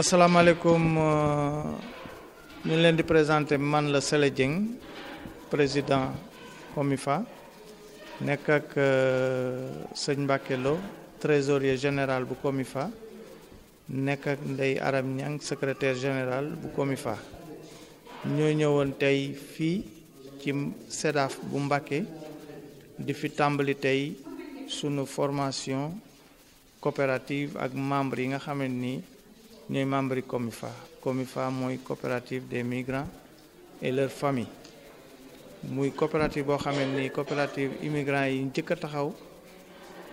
asalaamaaleykum euh, ñu ngi leen di présenter man la Sele Dieng président Homifa nekk ak euh, sëñ Mbacke Lo trésorier général bu Comifa nekk ak Ndeye Aram Niang secrétaire général bu Comifa ñoo ñëwoon tey fii ci SEDAF bu Mbacke di fi tàmbali tey sunu formation coopérative ak membre yi nga xam nii ñooy membre yi COMIFA COMIFA mooy coopérative des migrants et leurs familles muy coopérative boo xamee ni coopérative immigrants yi njëkk a taxaw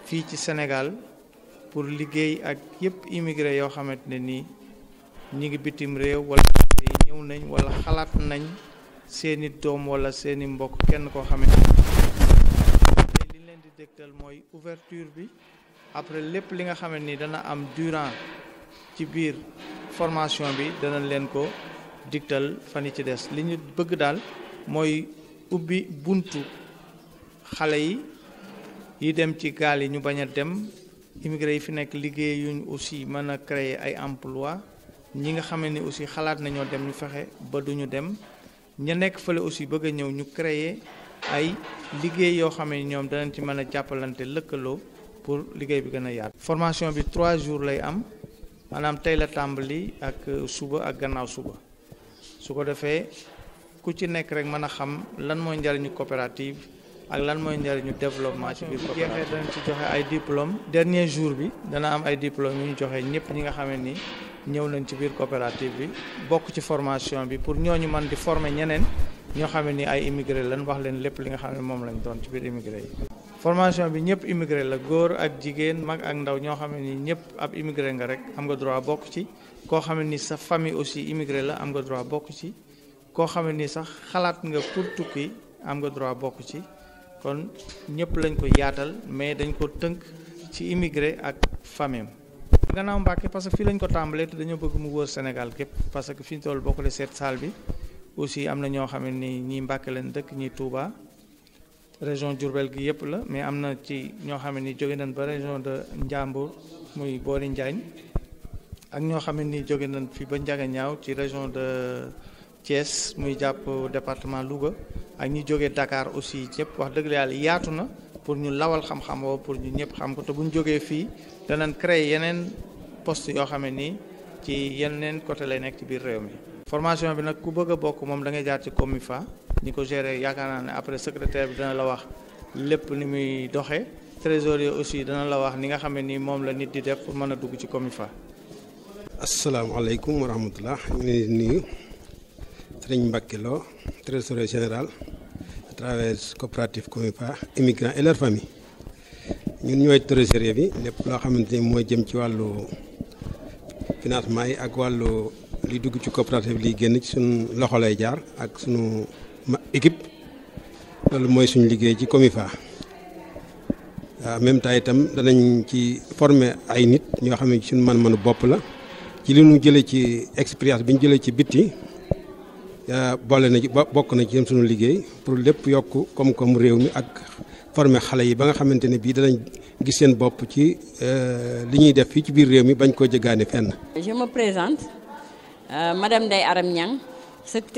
fii ci Sénégal pour liggéey ak yépp immigré yoo xamante ne nii ñi ngi bitim réew wala ñëw nañ wala xalaat nañ seeni doom wala seeni mbokk kenn koo xamante li leen di dégtal mooy ouverture bi après lépp li nga xamante ni dana am durant ci biir formation bi danañ leen ko digtal fan yi ci des li ñu bëgg daal mooy ubbi buntu xale yi yi dem ci gaal yi ñu bañ a dem immigré yi fi nekk liggéey yuñ aussi mën a créer ay emploi ñi nga xam ne aussi xalaat nañoo dem ñu fexe ba duñu dem ña nekk fale aussi bëgg a ñëw ñu créer ay liggéey yoo xam ne ñoom danañ ci mën a jàppalante lëkkaloo pour liggéey bi gën a yaatu. formation bi trois jours lay am. maanaam tey la tàmbali ak suba ak gannaaw suba su ko defee ku ci nekk rek mën a xam lan mooy njariñu coopérative ak lan mooy njariñu développement ci biir coopérative joxe ay diplôme dernier jour bi dana am ay diplôme yu ñu joxe ñëpp ñi nga xamee ni ñëw nañ ci biir coopérative bi bokk ci formation bi pour ñu mën di forme ñeneen ñoo xam ne ni ay immigré lañ wax leen lépp li nga xam ne moom lañ doon ci biir immigré yi formation bi ñëpp immigré la góor ak jigéen mag ak ndaw ñoo xam ne ni ñëpp ab immigré nga rek am nga droit bokk ci koo xam ni sa famille aussi immigré la am nga droit bokk ci koo xam ni sax xalaat nga pour am nga droit bokk ci kon ñëpp lañ ko yaatal mais dañ ko tënk ci immigré ak famille am gannaaw Mbàkke parce que fi lañ ko tàmbalee te dañoo bëgg mu wër Sénégal gépp parce que fi ñu toll boo ko seet saal bi aussi am na ñoo xam ne ni ñii Mbàkke leen dëkk ñii Touba. région Diourbel gi yëpp la mais am na ci ñoo xam ne ni jóge nañ ba région de Njambur muy Boori Njaañ ak ñoo xam ne ni jóge nañ fi ba Njaga Ñaaw ci région de Thiès muy jàpp département Louga ak ñi jóge Dakar aussi ñëpp wax dëgg yàlla yaatu na pour ñu lawal xam-xam pour ñu ñëpp xam ko te bu ñu jógee fii danañ créer yeneen post yoo xam ne nii ci yeneen côté lay nekk ci biir réew mi. formation bi nag ku bëgg bokk moom da ngay jaar ci comifa ñi ko gérer yaakaar naa ne après secrétaire bi dana la wax lépp ni muy doxee trésorier aussi dana la wax ni nga xam ne nii moom la nit di def pour mën a dugg ci comifa. asalaamaaleykum wa rahmatulah ñu ngi nuyu Serigne Mbacke Lo trésorier général à travers coopérative comifa immigrants et leur famille ñun ñooy trésorier bi lépp loo xamante ni mooy jëm ci wàllu financement yi ak wàllu. li dugg ci coopérative li génn ci suñu loxo lay jaar ak suñu équipe loolu mooy suñ liggéey ci Comifa en même temps itam danañ ci former ay nit ñoo xam ne ci suñu man-manu bopp la ci li ñu jëlee ci expérience bi ñu jëlee ci bitti boole na ci bokk na ci suñu liggéey pour lépp yokk koom-koomu réew mi ak former xale yi ba nga xamante ne bii danañ gis seen bopp ci euh, li ñuy def fii ci biir réew mi bañ koo jëgaane fenn. Euh, Madame Day Aram Nyang,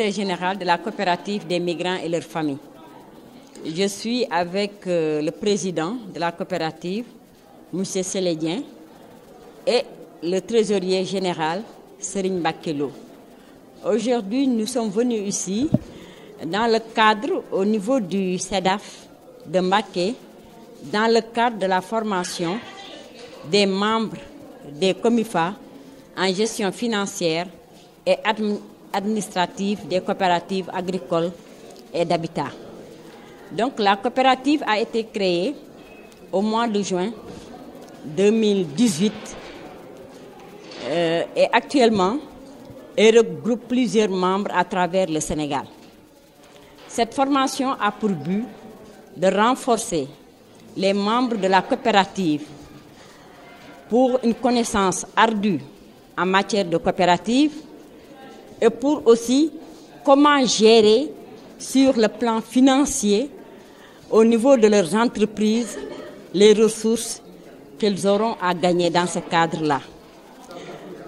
général de la coopérative des migrants et leurs familles. Je suis avec euh, le président de la coopérative, M. Sélédien, et le trésorier général, Serine Bakelo. Aujourd'hui, nous sommes venus ici dans le cadre au niveau du CEDAF de Mbaké, dans le cadre de la formation des membres des COMIFA en gestion financière et administrative des coopératives agricoles et d'habitat. Donc la coopérative a été créée au mois de juin 2018 euh, et actuellement elle regroupe plusieurs à travers le Sénégal. Cette formation a pour but de renforcer les membres de la coopérative pour une connaissance matière de coopérative et pour aussi comment gérer sur le plan financier, au niveau de leurs entreprises, les ressources qu'elles auront à gagner dans ce cadre-là.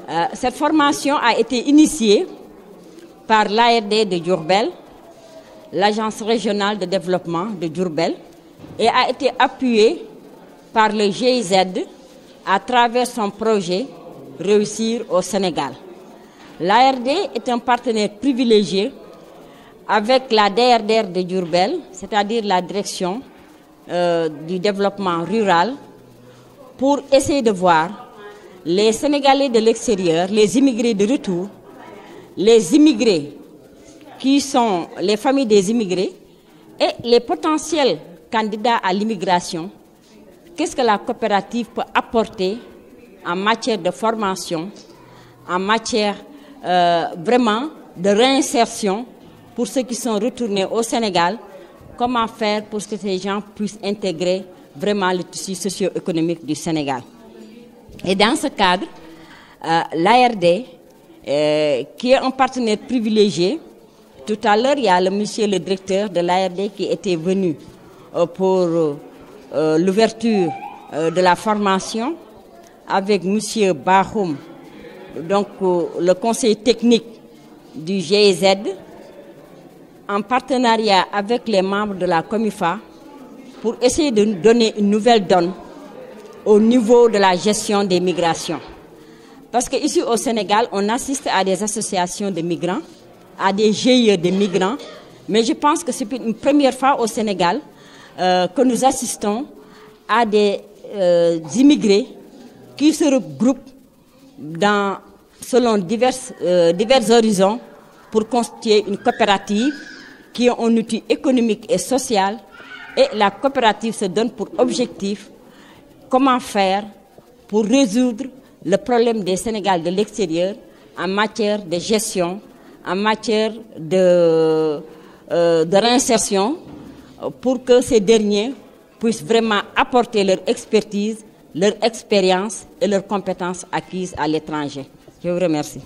Euh, cette formation a été initiée par l'ARD de Djourbel, l'Agence régionale de développement de Djourbel, et a été appuyée par le GIZ à travers son projet Réussir au Sénégal. L'ARD est un partenaire privilégié avec la DRDR de Durbel, c'est-à-dire la direction euh, du développement rural, pour essayer de voir les Sénégalais de l'extérieur, les immigrés de retour, les immigrés qui sont les familles des immigrés et les potentiels candidats à l'immigration, qu'est-ce que la coopérative peut apporter en matière de formation, en matière euh, vraiment de réinsertion pour ceux qui sont retournés au Sénégal. Comment faire pour que ces gens puissent intégrer vraiment le tissu socio-économique du Sénégal Et dans ce cadre, euh, l'ARD, euh, qui est un partenaire privilégié, tout à l'heure, il y a le monsieur le directeur de l'ARD qui était venu euh, pour euh, l'ouverture euh, de la formation avec monsieur Bahoum, donc euh, le conseil technique du GIZ e en partenariat avec les membres de la COMIFA pour essayer de donner une nouvelle donne au niveau de la gestion des migrations. Parce qu'ici au Sénégal, on assiste à des associations de migrants, à des GIE des migrants, mais je pense que c'est une première fois au Sénégal euh, que nous assistons à des euh, immigrés qui se regroupent dans, selon divers, euh, divers horizons pour constituer une coopérative qui est un outil économique et social. Et la coopérative se donne pour objectif comment faire pour résoudre le problème des Sénégal de l'extérieur en matière de gestion, en matière de, euh, de réinsertion, pour que ces derniers puissent vraiment apporter leur expertise leur expérience et leurs compétences acquises à l'étranger. Je vous remercie.